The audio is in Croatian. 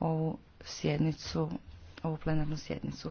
ovu sjednicu, ovu plenarnu sjednicu.